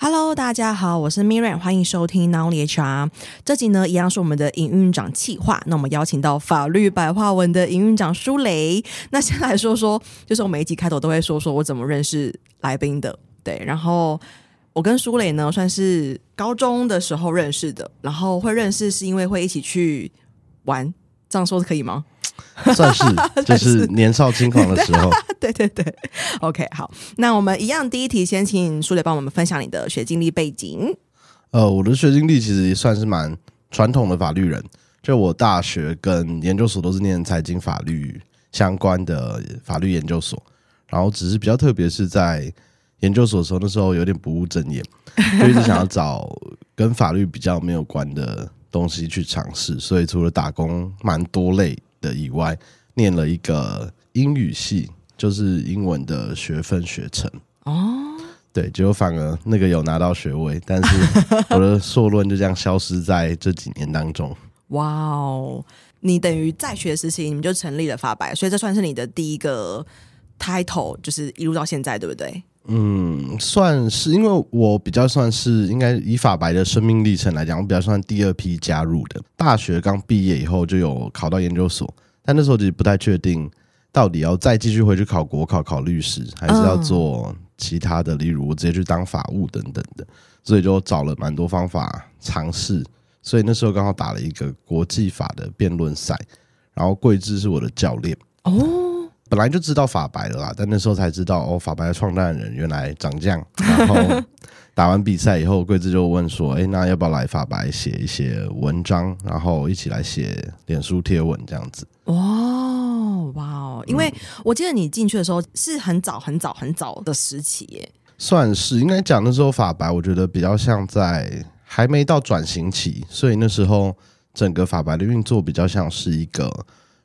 哈嘍，大家好，我是 Miriam，歡迎收聽 Not Only HR。這集呢，一樣是我們的營運長企劃。那我們邀請到法律白話文的營運長書磊。那先來說說，就是我每一集開頭都會說說我怎麼認識來賓的。對，然後我跟書磊呢，算是高中的時候認識的。然後會認識是因為會一起去玩，這樣說可以嗎？算是就是年少輕狂的時候， 對對對，對，OK，好，那我們一樣，第一題先請書磊幫我們分享你的學經歷背景。呃，我的學經歷其實也算是蠻傳統的法律人，就我大學跟研究所都是念財經法律相關的法律研究所，然後只是比較特別是在研究所的時候，那時候有點不務正業，就一直想要找跟法律比較沒有關的東西去嘗試，所以除了打工，蠻多累的以外，念了一個英語系，就是英文的學分學程哦。對，結果反而那個有拿到學位，但是我的碩論就這樣消失在這幾年當中。哇哦，你等於在學時期你們就成立了法白，所以這算是你的第一個 title，就是一路到現在，對不對？嗯，算是，因為我比較算是，應該以法白的生命歷程來講，我比較算第二批加入的。大學剛畢業以後就有考到研究所，但那時候就不太確定到底要再繼續回去考國考考律師，還是要做其他的，嗯，例如我直接去當法務等等的。所以就找了蠻多方法嘗試，所以那時候剛好打了一個國際法的辯論賽，然後桂枝是我的教練。哦。本來就知道法白了啦，但那時候才知道哦，法白創辦人原來長這樣。然後打完比賽以後，桂 枝就問說：“哎、欸，那要不要來法白寫一些文章，然後一起來寫臉書貼文這樣子？”哦，哇哦！因為我記得你進去的時候是很早、很早、很早的時期，耶。算是應該講那時候，法白我覺得比較像在還沒到轉型期，所以那時候整個法白的運作比較像是一個。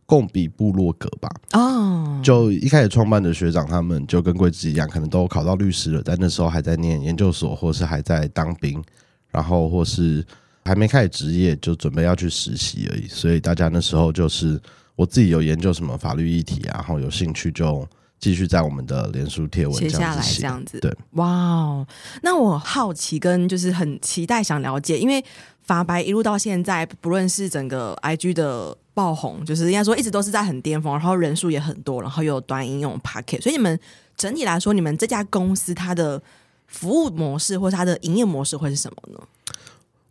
共筆部落格吧，哦、oh.，就一開始創辦的學長他們就跟貴子一樣，可能都考到律師了，但那時候還在念研究所，或是還在當兵，然後或是還沒開始職業，就準備要去實習而已。所以大家那時候就是我自己有研究什麼法律議題、啊，然後有興趣就繼續在我們的臉書貼文寫下來，這樣子，這樣子對。哇、wow，那我好奇跟就是很期待想了解，因為法白一路到現在，不論是整個 IG 的。爆紅就是應該說一直都是在很巔峰，然後人數也很多，然後又有端應用 Podcast，所以你們整體來說，你們這家公司它的服務模式或者它的營業模式會是什麼呢？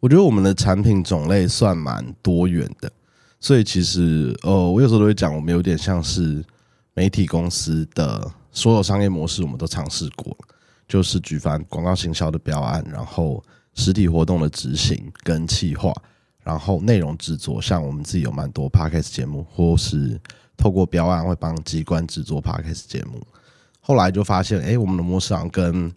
我覺得我們的產品種類算蠻多元的，所以其實呃，我有時候都會講，我們有點像是媒體公司的所有商業模式，我們都嘗試過，就是舉凡廣告行銷的標案，然後實體活動的執行跟企劃。然後內容制作，像我們自己有蠻多 podcast 節目，或是透過標案會幫機關製作 podcast 節目。後來就發現，哎，我們的模式跟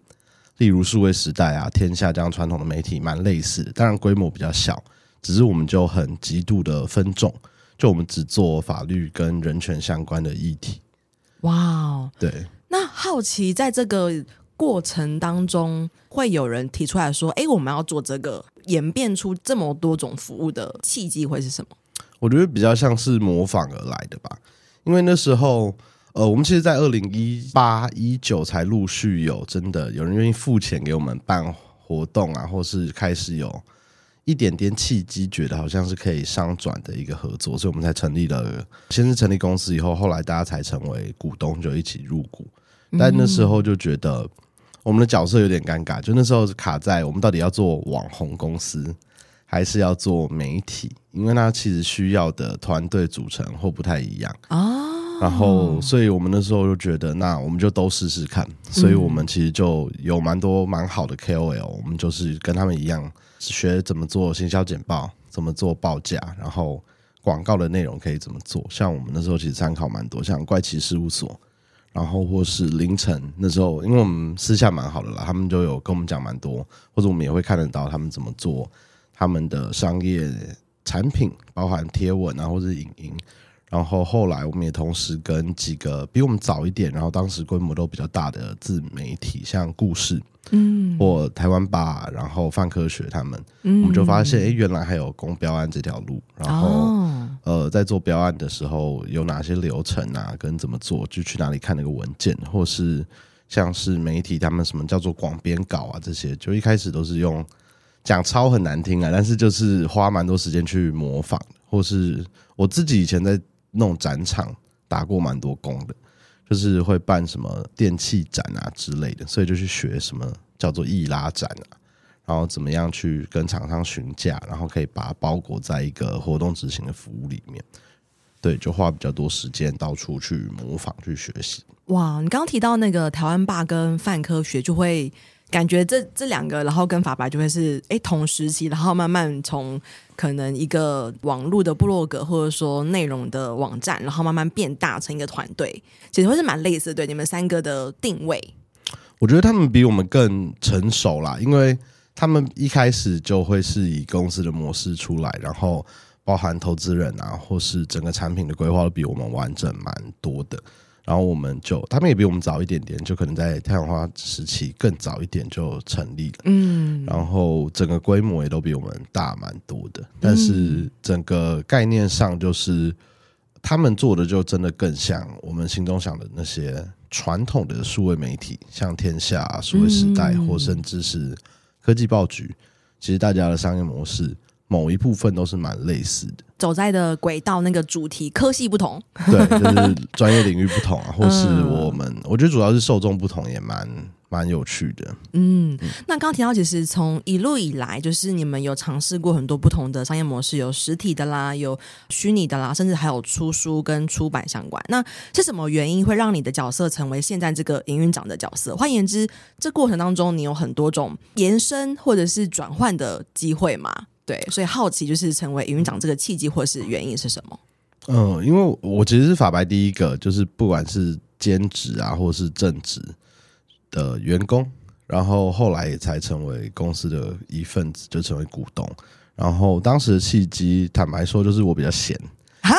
例如數位時代啊、天下這樣傳統的媒體蠻類似，當然規模比較小，只是我們就很極度的分眾，就我們只做法律跟人權相關的議題。哇、wow，對，那好奇在這個。過程當中會有人提出來說：“哎、欸，我們要做這個，演變出這麼多種服務的契機會是什麼？”我覺得比較像是模仿而來的吧，因為那時候，呃，我們其實，在二零一八一九才陸續有真的有人願意付錢給我們辦活動啊，或是開始有一點點契機，覺得好像是可以商轉的一個合作，所以我們才成立了，先是成立公司，以後後來大家才成為股東，就一起入股。但那時候就覺得。嗯我們的角色有點尷尬，就那時候是卡在我們到底要做網紅公司還是要做媒體，因為那其實需要的團隊組成或不太一樣。哦，然後所以我們那時候就覺得，那我們就都試試看。所以我們其實就有蠻多蠻好的 KOL，嗯，我們就是跟他們一樣學怎麼做行銷簡報，怎麼做報價，然後廣告的內容可以怎麼做。像我們那時候其實參考蠻多，像怪奇事務所。然後，或是凌晨那時候，因為我們私下蠻好的啦，他們就有跟我們講蠻多，或者我們也會看得到他們怎麼做他們的商業產品，包含貼文啊，或是影音。然後後來我們也同時跟幾個比我們早一點，然後當時規模都比較大的自媒體，像故事，嗯，或台灣吧，然後泛科學他們，嗯、我們就發現，哎、欸，原來還有公標案這條路。然後、哦，呃，在做標案的時候，有哪些流程啊？跟怎麼做？就去哪裡看那個文件，或是像是媒體他們什麼叫做廣編稿啊？這些就一開始都是用講超很難聽啊，但是就是花蠻多時間去模仿，或是我自己以前在。那種展場打過蠻多工的，就是會辦什麼電器展啊之類的，所以就去學什麼叫做易拉展啊，然後怎麼樣去跟廠商詢價，然後可以把它包裹在一個活動執行的服務裡面。對，就花比較多時間到處去模仿去學習。哇，你剛剛提到那個台灣吧跟泛科學就會。感覺這這兩個，然後跟法白就會是誒、欸，同時期，然後慢慢從可能一個網絡的部落格，或者說內容的網站，然後慢慢變大成一個團隊，其實會是蠻類似的。對你們三個的定位，我覺得他們比我們更成熟啦，因為他們一開始就會是以公司的模式出來，然後包含投資人啊，或是整個產品的規劃都比我們完整蠻多的。然後我們就，他們也比我們早一點點，就可能在太陽花時期更早一點就成立了。嗯，然後整個規模也都比我們大蠻多的，但是整個概念上，就是、嗯、他們做的就真的更像我們心中想的那些傳統的數位媒體，像天下、啊、數位時代、嗯，或甚至是科技報橘。其實大家的商業模式，某一部分都是蠻類似的，走在的軌道那個主題科系不同，對，就是專業領域不同啊， 或是我們我覺得主要是受眾不同也，也蠻蠻有趣的。嗯，那剛提到，其實從一路以來，就是你們有嘗試過很多不同的商業模式，有實體的啦，有虛擬的啦，甚至還有出書跟出版相關。那是什麼原因會讓你的角色成為現在這個營運長的角色？換言之，這過程當中你有很多種延伸或者是轉換的機會嗎？對，所以好奇就是成為營運長這個契機或是原因是什麼？嗯、呃，因為我其實是法白第一個，就是不管是兼職啊，或是正職的員工，然後後來也才成為公司的一份子，就成為股東。然後當時的契機，坦白說，就是我比較閒哈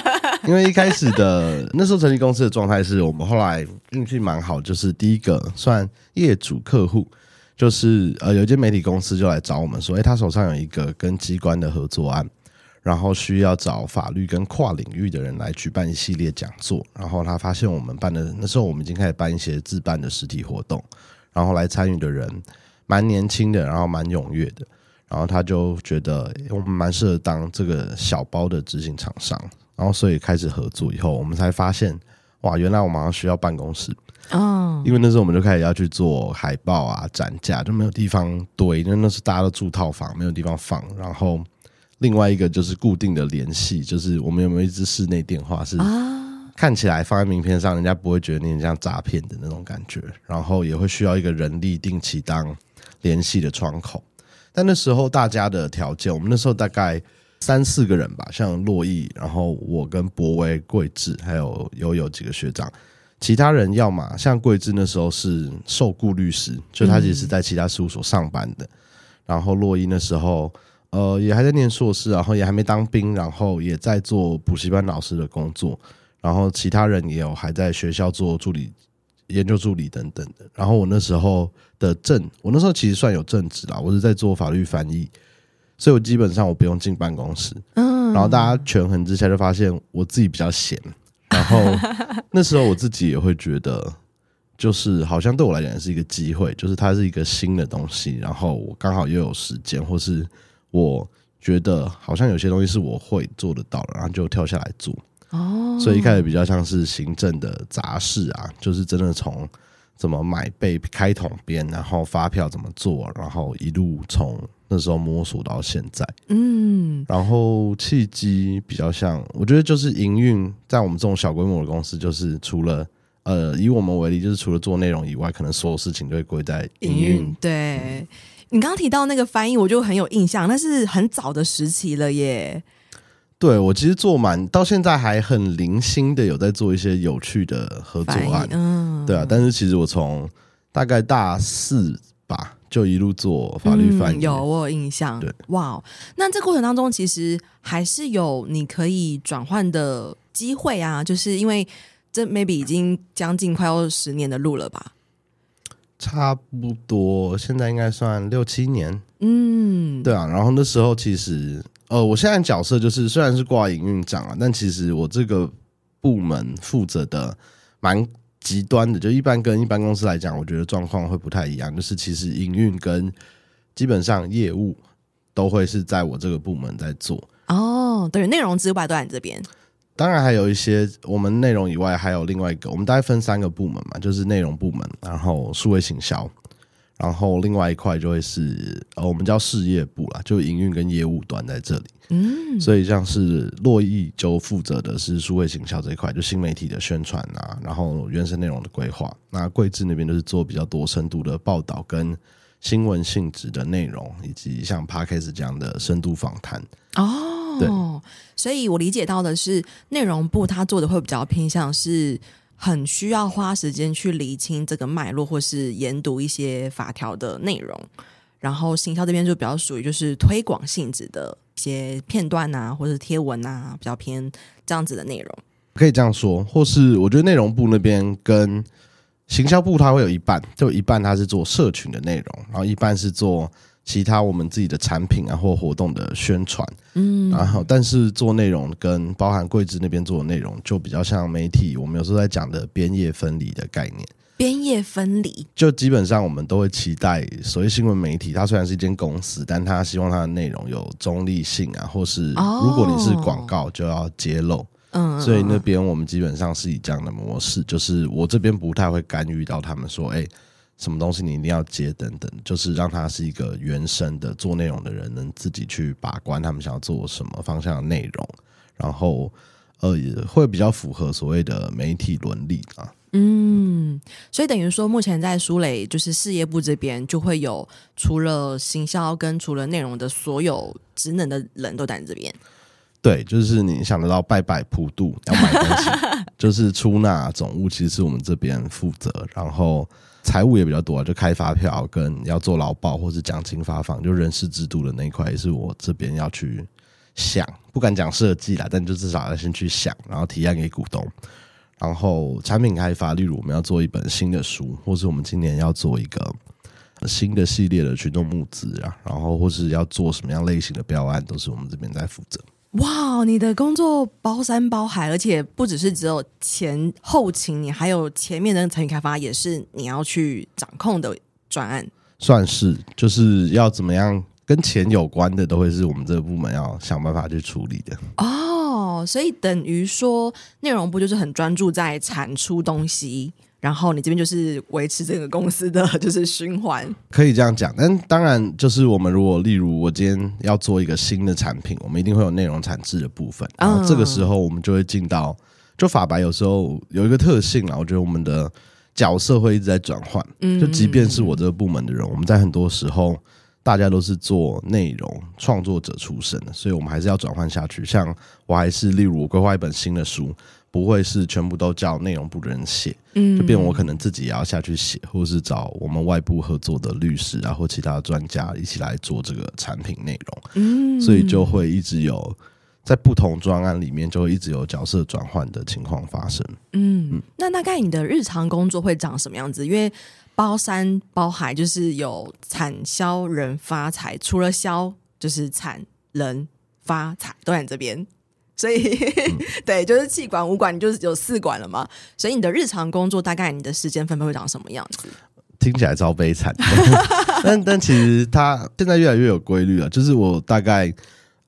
因為一開始的那時候成立公司的狀態是我們後來運氣蠻好，就是第一個算業主客戶。就是呃，有一間媒體公司就來找我們說，誒、欸，他手上有一個跟機關的合作案，然後需要找法律跟跨領域的人來舉辦一系列講座。然後他發現我們辦的那時候，我們已經開始辦一些自辦的實體活動，然後來參與的人蠻年輕的，然後蠻踴躍的，然後他就覺得、欸、我們蠻適合當這個小包的執行廠商，然後所以開始合作以後，我們才發現哇，原來我們好像需要辦公室。Oh. 因為那時候我們就開始要去做海報啊、展架，就沒有地方堆，因為那時候大家都住套房，沒有地方放。然後另外一個就是固定的聯繫，就是我們有沒有一支室內電話，是看起來放在名片上，人家不會覺得你很像詐騙的那種感覺。然後也會需要一個人力定期當聯繫的窗口。但那時候大家的條件，我們那時候大概三四個人吧，像洛毅，然後我跟博威、貴志，還有有有幾個學長。其他人要嘛，像桂枝那時候是受雇律師，就他其實是在其他事務所上班的。嗯。然後洛伊那時候，呃，也還在念碩士，然後也還沒當兵，然後也在做補習班老師的工作。然後其他人也有還在學校做助理、研究助理等等的。然後我那時候的正，我那時候其實算有正職啦，我是在做法律翻譯，所以我基本上我不用進辦公室。嗯，然後大家權衡之下就發現我自己比較閒。 然後那時候我自己也會覺得，就是好像對我來講是一個機會，就是它是一個新的東西，然後我剛好又有時間，或是我覺得好像有些東西是我會做得到，然後就跳下來做。哦，所以一開始比較像是行政的雜事啊，就是真的從。怎麼買被開統編，然後發票怎麼做，然後一路從那時候摸索到現在。嗯，然後契機比較像，我覺得就是營運，在我們這種小規模的公司，就是除了呃，以我們為例，就是除了做內容以外，可能所有事情都會歸在營運。對、嗯、你剛剛提到那個翻譯，我就很有印象，那是很早的時期了耶。對，我其實做蠻到現在還很零星的有在做一些有趣的合作案。嗯、對啊，但是其實我從大概大四吧就一路做法律翻譯、嗯，有我有印象，對哇，Wow, 那這過程當中其實還是有你可以轉換的機會啊，就是因為這 maybe 已經將近快要十年的路了吧，差不多現在應該算六七年，嗯，對啊，然後那時候其實。呃，我現在的角色就是雖然是掛營運長啊，但其實我這個部門負責的蠻極端的，就一般跟一般公司來講，我覺得狀況會不太一樣。就是其實營運跟基本上業務都會是在我這個部門在做。哦，對，內容之外都在你這邊。當然還有一些，我們內容以外還有另外一個，我們大概分三個部門嘛，就是內容部門，然後數位行銷。然後另外一塊就會是呃，我們叫事業部啦，就營運跟業務端在這裡。嗯，所以像是洛易就負責的是數位行銷這一塊，就新媒體的宣傳、啊、然後原生內容的規劃。那桂志那邊就是做比較多深度的報道跟新聞性質的內容，以及像 podcast 這樣的深度訪談。哦，對，所以我理解到的是，內容部他做的會比較偏向是。很需要花時間去理清這個脈絡，或是研讀一些法條的內容。然後行銷這邊就比較屬於就是推廣性質的一些片段啊，或是貼文啊，比較偏這樣子的內容。可以這樣說，或是我覺得內容部那邊跟行銷部，它會有一半，就一半它是做社群的內容，然後一半是做。其他我們自己的產品啊，或活動的宣傳，嗯，然後但是做內容跟包含櫃子那邊做的內容，就比較像媒體，我們有時候在講的編業分離的概念。編業分離，就基本上我們都會期待，所謂新聞媒體，它雖然是一間公司，但它希望它的內容有中立性啊，或是如果你是廣告，就要揭露哦。嗯，所以那邊我們基本上是以這樣的模式，就是我這邊不太會干預到他們說，哎、欸。什麼東西你一定要接等等，就是讓他是一個原生的做內容的人，能自己去把關他們想要做什麼方向的內容，然後呃，也會比較符合所謂的媒體倫理啊。嗯，所以等於說，目前在書磊就是事業部這邊，就會有除了行銷跟除了內容的所有職能的人都在這邊。對，就是你想得到拜拜普渡要買東西， 就是出納總務，其實是我們這邊負責，然後。財務也比較多，就開發票跟要做勞保或是獎金發放，就人事制度的那一塊也是我這邊要去想，不敢講設計啦，但就至少要先去想，然後提案給股東。然後產品開發，例如我們要做一本新的書，或是我們今年要做一個新的系列的群眾募資啊，然後或是要做什麼樣類型的標案，都是我們這邊在負責。哇，wow，你的工作包山包海，而且不只是只有前後勤，你還有前面的產品開發也是你要去掌控的專案，算是就是要怎麼樣跟錢有關的都會是我們這個部門要想辦法去處理的哦，oh, 所以等於說內容部就是很專注在產出東西。然後你這邊就是維持這個公司的就是循環，可以這樣講。但當然，就是我們如果例如我今天要做一個新的產品，我們一定會有內容產製的部分。嗯。然後這個時候我們就會進到，就法白有時候有一個特性啊，我覺得我們的角色會一直在轉換。嗯嗯。就即便是我這個部門的人，我們在很多時候大家都是做內容創作者出身的，所以我們還是要轉換下去。像我還是例如我規劃一本新的書。不會是全部都叫內容部的人寫，嗯，就變我可能自己也要下去寫，或是找我們外部合作的律師啊，或其他專家一起來做這個產品內容，嗯，所以就會一直有在不同專案裡面，就會一直有角色轉換的情況發生嗯，嗯，那大概你的日常工作會長什麼樣子？因為包山包海就是有產銷人發財，除了銷就是產人發財都在這邊。所以， 對，就是氣管五管，你就是有四管了嘛？所以你的日常工作大概你的時間分配會長什麼樣？聽起來超悲慘， 但但其實它現在越來越有規律了。就是我大概。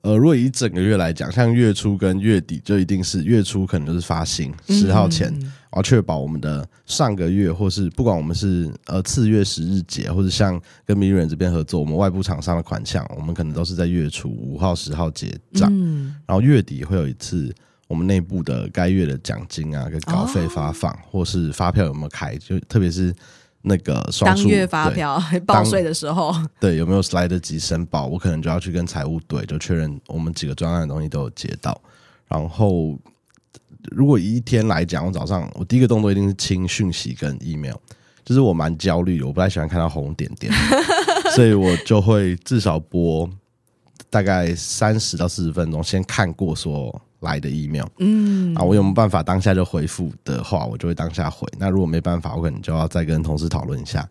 呃，如果以整個月來講，像月初跟月底，就一定是月初可能都是發薪十號前，我要確保我們的上個月或是不管我們是呃次月十日結，或者像跟 Miriam 這邊合作，我們外部廠商的款項，我們可能都是在月初五號十號結賬，嗯，然後月底會有一次我們內部的該月的獎金啊跟稿費發放，哦，或是發票有沒有開，就特別是。那個雙當月發票報稅的時候，對有沒有來得及申報？我可能就要去跟財務對，就確認我們幾個專案的東西都有接到。然後如果一天來講，我早上我第一個動作一定是清訊息跟 email，就是我蠻焦慮的，我不太喜歡看到紅點點， 所以我就會至少播大概三十到四十分鐘，先看過說，來的 email，嗯，啊，我有沒有辦法當下就回復的話，我就會當下回。那如果沒辦法，我可能就要再跟同事討論一下。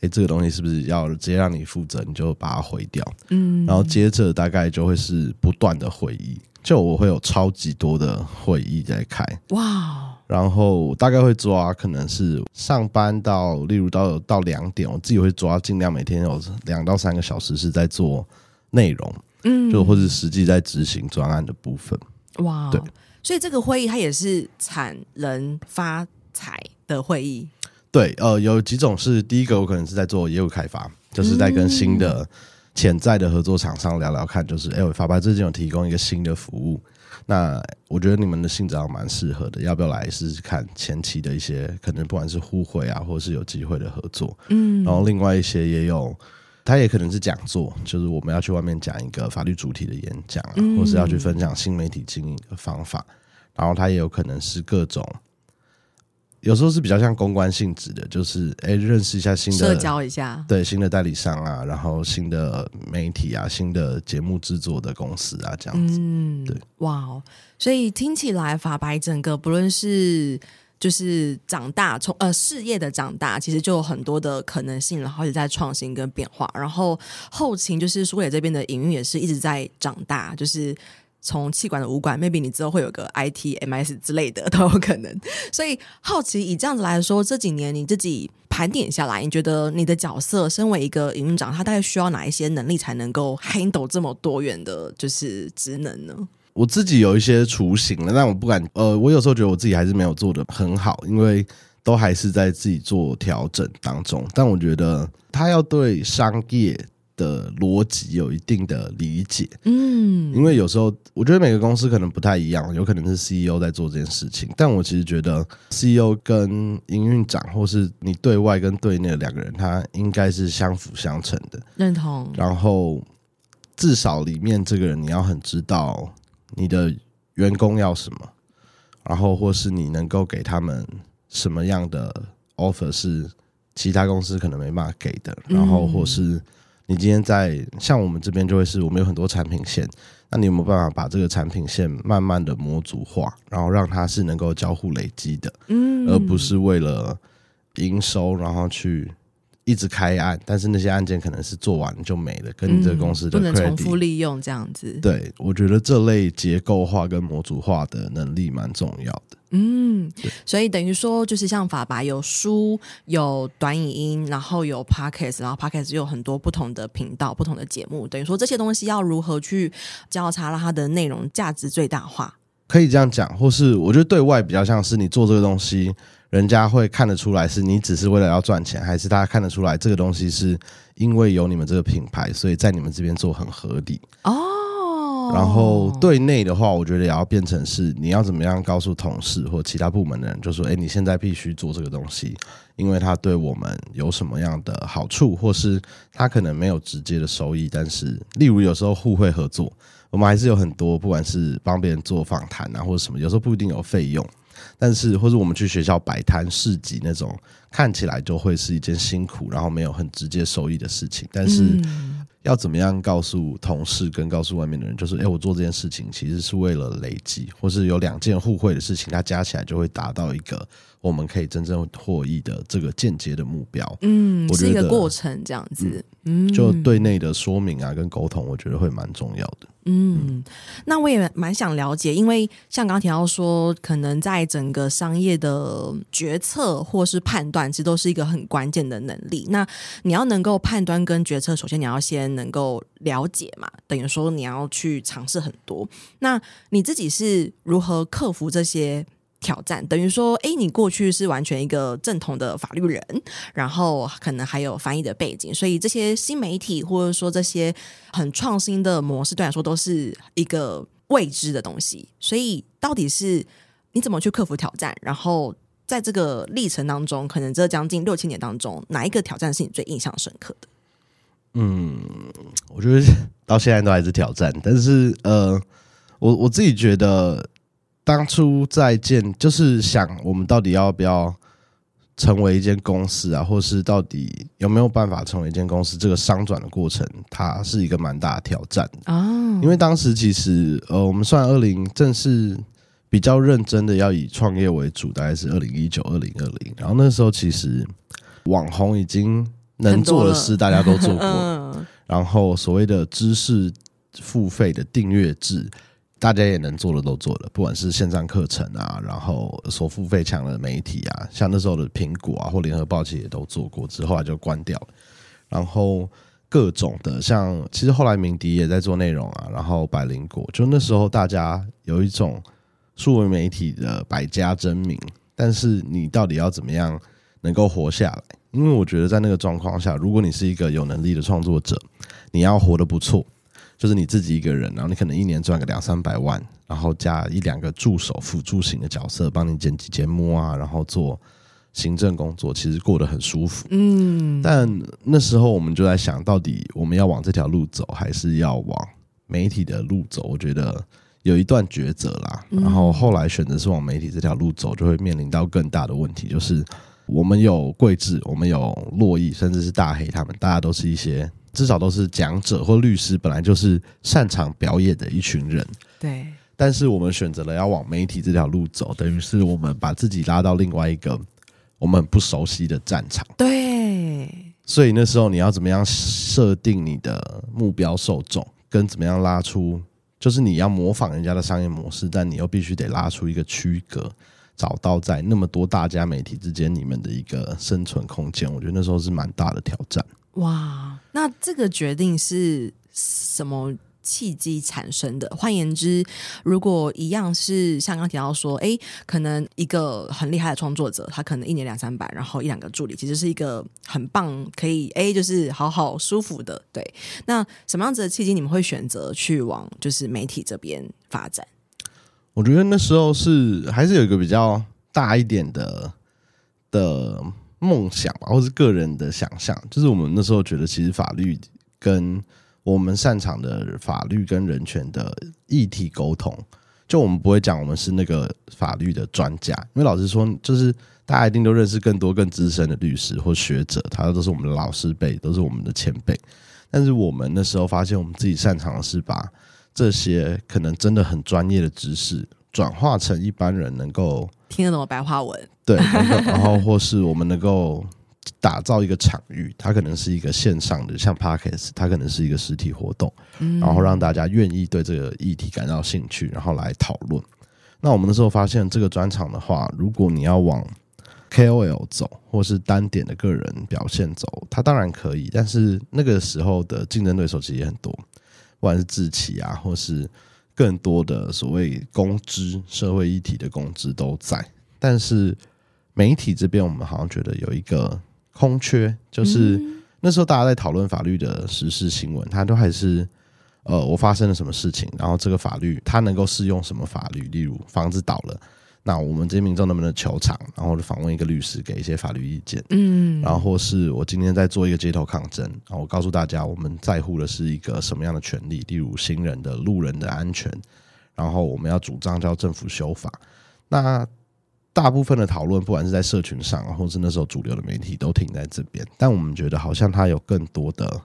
哎、欸，這個東西是不是要直接讓你負責？你就把它回掉，嗯。然後接着大概就會是不斷的會議，就我會有超級多的會議在開，哇。然後大概會抓，可能是上班到例如到到兩點，我自己會抓，儘量每天有兩到三個小時是在做內容，嗯，就或者實際在執行專案的部分。嗯哇，對，所以這個會議它也是產人發財的會議。對，呃，有幾種是，第一個我可能是在做業務開發，就是在跟新的潛在的合作廠商聊聊看，就是哎，法白，嗯，欸，最近有提供一個新的服務，那我覺得你們的性質還蠻適合的，要不要來試試看前期的一些可能不管是互惠啊，或是有機會的合作。嗯，然後另外一些也有。他也可能是講座，就是我們要去外面講一個法律主題的演講、啊嗯，或是要去分享新媒體經營的方法。然後他也有可能是各種，有時候是比較像公關性質的，就是哎、欸，認識一下新的社交一下，對新的代理商啊，然後新的媒體啊，新的節目制作的公司啊，這樣子。嗯，對，哇、wow.，所以聽起來法白整個不論是。就是長大，從呃事業的長大，其實就有很多的可能性，然後也在創新跟變化。然後後勤就是書磊這邊的營運也是一直在長大，就是從企管的五管，maybe 你之後會有個 ITMS 之類的都有可能。所以好奇以這樣子來說，這幾年你自己盤點下來，你覺得你的角色身為一個營運長，他大概需要哪一些能力才能夠 handle 這麼多元的，就是職能呢？我自己有一些雛形了，但我不敢。呃，我有時候覺得我自己還是沒有做得很好，因為都還是在自己做調整當中。但我覺得他要對商業的邏輯有一定的理解，嗯，因為有時候我覺得每個公司可能不太一樣，有可能是 CEO 在做這件事情。但我其實覺得 CEO 跟營運長，或是你對外跟對內的兩個人，他應該是相輔相成的。認同。然後至少裡面這個人你要很知道。你的員工要什麼，然後或是你能夠給他們什麼樣的 offer 是其他公司可能沒辦法給的，然後或是你今天在，嗯，像我們這邊就會是我們有很多產品線，那你有沒有辦法把這個產品線慢慢的模組化，然後讓它是能夠交互累積的，嗯，而不是為了營收，然後去。一直開案，但是那些案件可能是做完就沒了，跟你這個公司 credit、嗯、不能重複利用這樣子。對，我覺得這類結構化跟模組化的能力蠻重要的。嗯，所以等於說，就是像法白有書、有短影音，然後有 podcast，然後 podcast 又有很多不同的頻道、不同的節目，等於說這些東西要如何去交叉讓它的內容價值最大化。可以這樣講，或是我覺得對外比較像是你做這個東西，人家會看得出來是你只是為了要賺錢，還是大家看得出來這個東西是因為有你們這個品牌，所以在你們這邊做很合理哦。Oh. 然後對內的話，我覺得也要變成是你要怎麼樣告訴同事或其他部門的人，就說：誒、欸，你現在必須做這個東西，因為他對我們有什麼樣的好處，或是他可能沒有直接的收益，但是例如有時候互惠合作。我們還是有很多，不管是幫別人做訪談啊，或者什麼，有時候不一定有費用，但是或者我們去學校擺攤市集那種，看起來就會是一件辛苦，然後沒有很直接收益的事情。但是、嗯、要怎麼樣告訴同事跟告訴外面的人，就是哎、欸，我做這件事情其實是為了累積，或是有兩件互惠的事情，它加起來就會達到一個。我們可以真正獲益的這個間接的目標，嗯，是一個過程這樣子，嗯，嗯，就對內的說明啊，跟溝通，我覺得會蠻重要的。嗯，嗯，那我也蠻想了解，因為像剛提到說，可能在整個商業的決策或是判斷，其實都是一個很關鍵的能力。那你要能夠判斷跟決策，首先你要先能夠了解嘛，等於說你要去嘗試很多。那你自己是如何克服這些挑戰等於說，誒、欸，你過去是完全一個正統的法律人，然後可能還有翻譯的背景，所以這些新媒體或者說這些很創新的模式，對來說都是一個未知的東西。所以到底是你怎麼去克服挑戰？然後在這個歷程當中，可能這將近六七年當中，哪一個挑戰是你最印象深刻的？嗯，我覺得到現在都還是挑戰，但是呃，我我自己覺得。當初在建就是想，我們到底要不要成為一間公司啊？或是到底有沒有辦法成為一間公司，這個商轉的過程，它是一個蠻大的挑戰啊、哦。因為當時其實呃，我們算二零正式比較認真的要以創業為主，大概是二零一九、二零二零。然後那時候其實網紅已經能做的事大家都做過， 然後所謂的知識付費的訂閱制，大家也能做的都做了，不管是線上課程啊，然後所付費牆的媒體啊，像那時候的蘋果啊或聯合報系也都做過，之後就關掉了。然後各種的，像其實後來敏迪也在做內容啊，然後百靈果，就那時候大家有一種數位媒體的百家爭鳴，但是你到底要怎麼樣能夠活下來？因為我覺得在那個狀況下，如果你是一個有能力的創作者，你要活得不錯。就是你自己一個人，然後你可能一年賺個兩三百萬，然後加一兩個助手輔助型的角色，幫你剪輯節目啊，然後做行政工作，其實過得很舒服。嗯，但那時候我們就在想，到底我們要往這條路走，還是要往媒體的路走？我覺得有一段抉擇啦。嗯，然後後來選擇是往媒體這條路走，就會面臨到更大的問題，就是我們有桂志，我們有洛毅，甚至是大黑他們，大家都是一些。至少都是講者或律師，本來就是擅長表演的一群人。對，但是我們選擇了要往媒體這條路走，等於是我們把自己拉到另外一個我們不熟悉的戰場。對，所以那時候你要怎麼樣設定你的目標受眾，跟怎麼樣拉出，就是你要模仿人家的商業模式，但你又必須得拉出一個區隔，找到在那麼多大家媒體之間你們的一個生存空間。我覺得那時候是蠻大的挑戰。哇，那這個決定是什麼契機產生的？換言之，如果一樣是像剛剛提到說，哎、欸，可能一個很厲害的創作者，他可能一年兩三百，然後一兩個助理，其實是一個很棒，可以 A、欸、就是好好舒服的。對，那什麼樣子的契機，你們會選擇去往就是媒體這邊發展？我覺得那時候是還是有一個比較大一點的的。夢想吧，或是個人的想象，就是我們那時候覺得，其實法律跟我們擅長的法律跟人權的議題溝通，就我們不會講我們是那個法律的專家，因為老實說，就是大家一定都認識更多更資深的律師或學者，他都是我們的老師輩，都是我們的前輩。但是我們那時候發現，我們自己擅長的是把這些可能真的很專業的知識。轉化成一般人能夠聽得懂的白話文，對，然後或是我們能夠打造一個場域， 它可能是一個線上的，像 Podcast，它可能是一個實體活動，嗯，然後讓大家願意對這個議題感到興趣，然後來討論。那我們那時候發現，這個專場的話，如果你要往 KOL 走，或是單點的個人表現走，它當然可以，但是那個時候的競爭對手其實也很多，不管是志祺啊，或是。更多的所謂公知，社會議題的公知都在，但是媒體這邊我們好像覺得有一個空缺，就是那時候大家在討論法律的時事新聞，他都還是呃，我發生了什麼事情，然後這個法律它能夠適用什麼法律，例如房子倒了。那我們這些民眾能不能求償，然後訪問一個律師，給一些法律意見。嗯，然後是我今天在做一個街頭抗爭，然後我告訴大家我們在乎的是一個什麼樣的權利，例如行人的、路人的安全，然後我們要主張叫政府修法。那大部分的討論，不管是在社群上，或是那時候主流的媒體，都停在這邊。但我們覺得好像它有更多的。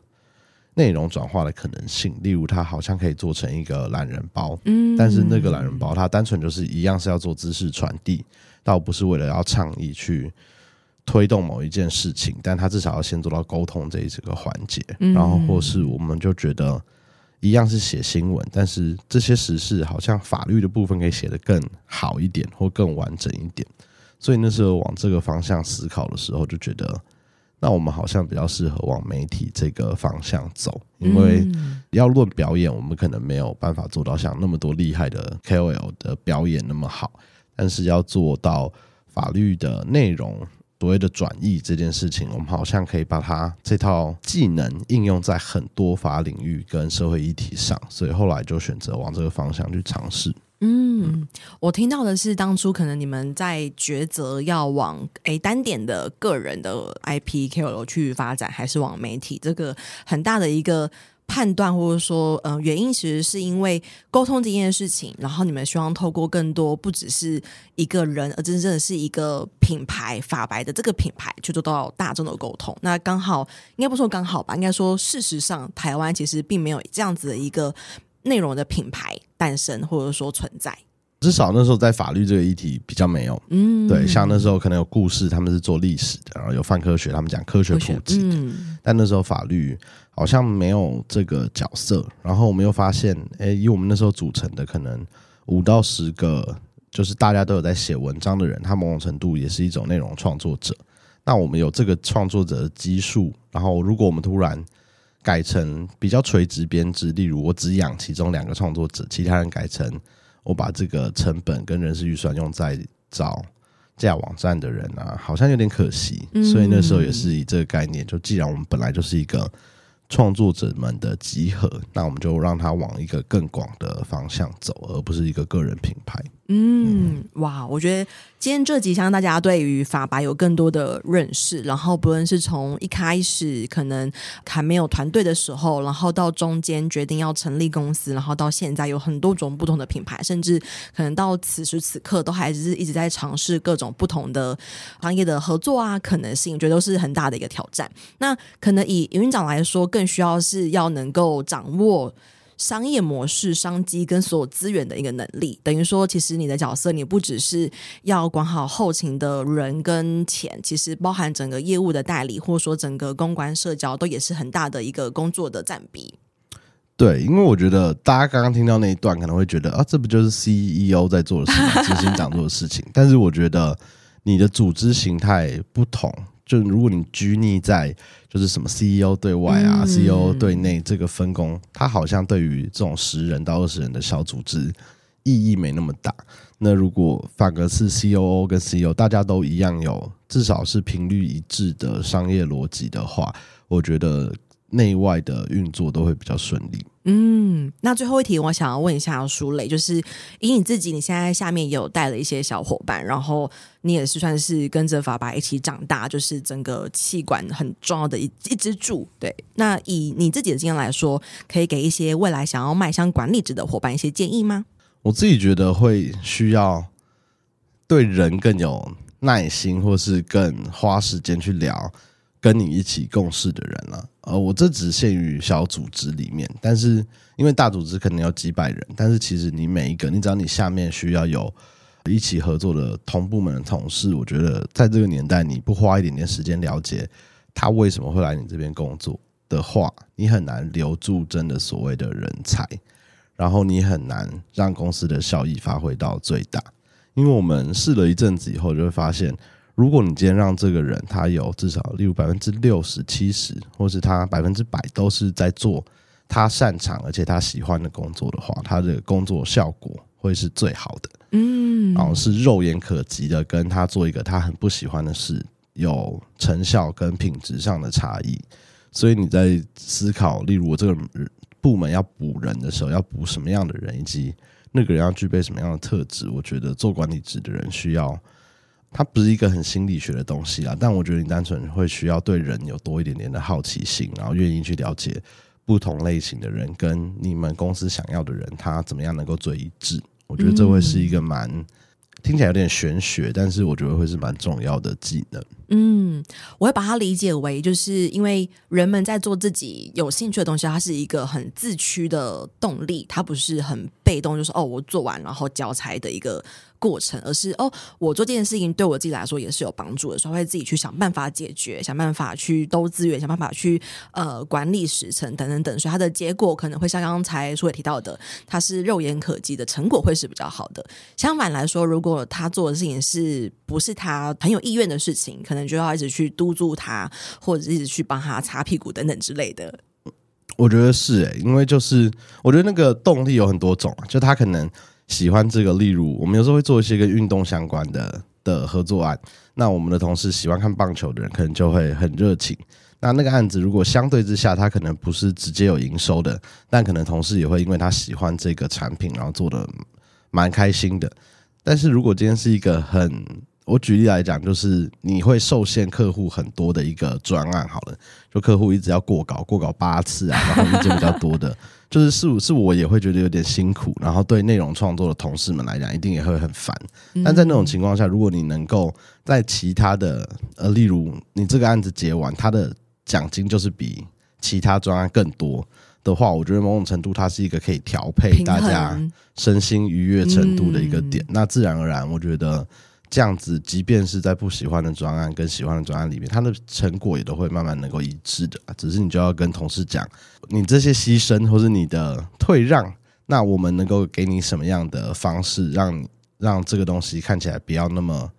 內容轉化的可能性，例如它好像可以做成一個懶人包，嗯，但是那個懶人包它單純就是一樣是要做知識傳遞，倒不是為了要倡議去推動某一件事情，但他至少要先做到溝通這一整個環節，然後或是我們就覺得一樣是寫新聞，嗯，但是這些時事好像法律的部分可以寫得更好一點或更完整一點，所以那時候往這個方向思考的時候，就覺得。那我們好像比較適合往媒體這個方向走，因為要論表演，我們可能沒有辦法做到像那麼多厲害的 KOL 的表演那麼好。但是要做到法律的內容，所謂的轉譯這件事情，我們好像可以把它這套技能應用在很多法領域跟社會議題上，所以後來就選擇往這個方向去嘗試。嗯，我聽到的是，當初可能你們在抉擇要往誒單點的個人的 IP KOL 去發展，還是往媒體這個很大的一個判斷，或者說，嗯、呃，原因其實是因為溝通這件事情。然後你們希望透過更多不只是一個人，而真正的是一個品牌法白的這個品牌去做到大眾的溝通。那剛好應該不說剛好吧，應該說事實上，台灣其實並沒有這樣子的一個內容的品牌。誕生，或者說存在，至少那時候在法律這個議題比較沒有，嗯，對，像那時候可能有故事，他們是做歷史的，然後有泛科學，他們講科學普及，嗯，但那時候法律好像沒有這個角色。然後我們又發現，欸，以我們那時候組成的可能五到十個，就是大家都有在寫文章的人，他某種程度也是一種內容創作者。那我們有這個創作者的基數，然後如果我們突然。改成比較垂直編制，例如我只養其中兩個創作者，其他人改成我把這個成本跟人事預算用在找架網站的人啊，好像有點可惜，嗯。所以那時候也是以這個概念，就既然我們本來就是一個創作者們的集合，那我們就讓它往一個更廣的方向走，而不是一個個人品牌。嗯，哇！我覺得今天這集相信，大家對於法白有更多的認識。然後，不論是從一開始可能還沒有團隊的時候，然後到中間決定要成立公司，然後到現在有很多種不同的品牌，甚至可能到此時此刻都還是一直在嘗試各種不同的行業的合作啊，可能性，我覺得都是很大的一個挑戰。那可能以營運長來說，更需要是要能夠掌握。商業模式、商機跟所有資源的一個能力，等於說，其實你的角色，你不只是要管好後勤的人跟錢，其實包含整個業務的代理，或者說整個公關、社交，都也是很大的一個工作的占比。對，因為我覺得大家剛剛聽到那一段，可能會覺得啊，這不就是 CEO 在做的事情，執行長做的事情。但是我覺得你的組織形態不同。就如果你拘泥在就是什麼 CEO 對外啊，嗯，CEO 對內這個分工，它好像對於這種十人到二十人的小組織意義沒那麼大。那如果反而是 COO 跟 CEO 大家都一樣有，至少是頻率一致的商業邏輯的話，我覺得內外的運作都會比較順利。嗯，那最後一題我想要問一下書磊，就是以你自己，你現在下面有帶了一些小夥伴，然後你也是算是跟着法白一起長大，就是整個氣管很重要的一一支柱。對，那以你自己的經驗來說，可以給一些未來想要邁向管理職的夥伴一些建議嗎？我自己覺得會需要對人更有耐心，或是更花時間去聊。跟你一起共事的人了，呃，我這只限於小組織裡面，但是因為大組織可能有幾百人，但是其實你每一個，你只要你下面需要有一起合作的同部門的同事，我覺得在這個年代，你不花一點點時間了解他為什麼會來你這邊工作的話，你很難留住真的所謂的人才，然後你很難讓公司的效益發揮到最大，因為我們試了一陣子以後就會發現。如果你今天讓這個人，他有至少例如百分之六十七十，或是他百分之百都是在做他擅長而且他喜歡的工作的話，他這個工作效果會是最好的。嗯，然後是肉眼可及的，跟他做一個他很不喜歡的事，有成效跟品質上的差異。所以你在思考，例如我這個部門要補人的時候，要補什麼樣的人，以及那個人要具備什麼樣的特質，我覺得做管理職的人需要。它不是一個很心理學的東西啦，但我覺得你單純會需要對人有多一點點的好奇心，然後願意去了解不同類型的人跟你們公司想要的人，他怎麼樣能夠最一致。我覺得這會是一個蠻、嗯、聽起來有點玄學，但是我覺得會是蠻重要的技能。嗯，我會把它理解為就是因為人們在做自己有興趣的東西，它是一個很自驅的動力，它不是很被動，就是哦，我做完然後交差的一個過程，而是哦，我做這件事情對我自己來說也是有幫助的，所以會自己去想辦法解決，想辦法去兜資源，想辦法去呃管理時程、等等等。所以他的結果可能會像剛才所提到的，他是肉眼可及的成果會是比較好的。相反來說，如果他做的事情是不是他很有意願的事情，可能就要一直去督促他，或者一直去幫他擦屁股等等之類的。我覺得是誒、欸，因為就是我覺得那個動力有很多種啊，就他可能。喜歡這個，例如我們有時候會做一些跟運動相關的的合作案。那我們的同事喜歡看棒球的人，可能就會很熱情。那那個案子如果相對之下，他可能不是直接有營收的，但可能同事也會因為他喜歡這個產品，然後做得蠻開心的。但是如果今天是一個很，我舉例來講，就是你會受限客戶很多的一個專案，好了，就客戶一直要過稿，過稿八次啊，然後意見比較多的。 就是是是，我也會覺得有點辛苦，然後對內容創作的同事們來講，一定也會很煩。但在那種情況下，如果你能夠在其他的呃，例如你這個案子結完，他的獎金就是比其他專案更多的話，我覺得某種程度它是一個可以調配大家身心愉悅程度的一個點。嗯、那自然而然，我覺得這樣子，即便是在不喜歡的專案跟喜歡的專案裡面，它的成果也都會慢慢能夠一致的。只是你就要跟同事講。你這些犧牲或是你的退讓，那我們能夠給你什麼樣的方式讓，讓讓這個東西看起來不要那麼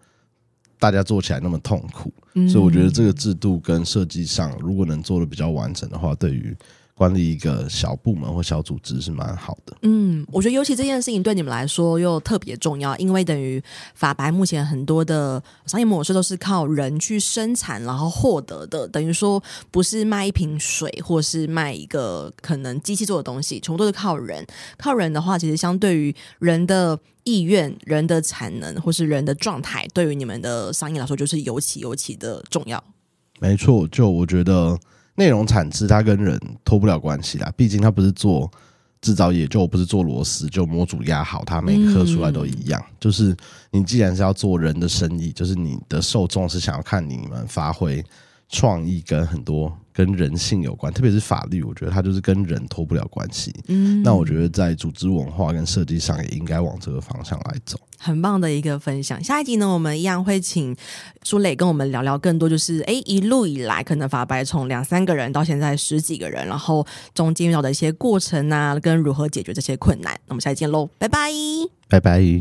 大家做起來那麼痛苦。嗯，所以我覺得這個制度跟設計上，如果能做的比較完整的話，對於。管理一個小部門或小組織是蠻好的。嗯，我覺得尤其這件事情對你們來說又特別重要，因為等於法白目前很多的商業模式都是靠人去生產，然後獲得的。等於說不是賣一瓶水，或是賣一個可能機器做的東西，全部都是靠人。靠人的話，其實相對於人的意願、人的產能或是人的狀態，對於你們的商業來說，就是尤其尤其的重要。沒錯，就我覺得。嗯。內容產值它跟人脫不了關係啦，畢竟它不是做製造業，就不是做螺絲，就模組壓好，它每顆出來都一樣，嗯。就是你既然是要做人的生意，就是你的受眾是想要看你們發揮創意跟很多。跟人性有關，特別是法律，我覺得它就是跟人脫不了關係。嗯，那我覺得在組織文化跟設計上也應該往這個方向來走。很棒的一個分享，下一集呢，我們一樣會請書磊跟我們聊聊更多，就是哎、欸，一路以來可能法白從兩三個人到現在十幾個人，然後中間遇到的一些過程啊，跟如何解決這些困難。那我們下期見嘍，拜拜，拜拜。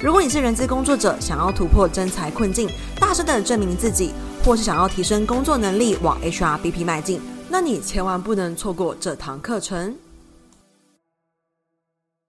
如果你是人資工作者，想要突破徵才困境，大聲的證明自己，或是想要提升工作能力，往 HRBP 邁進，那你千萬不能錯過這堂課程。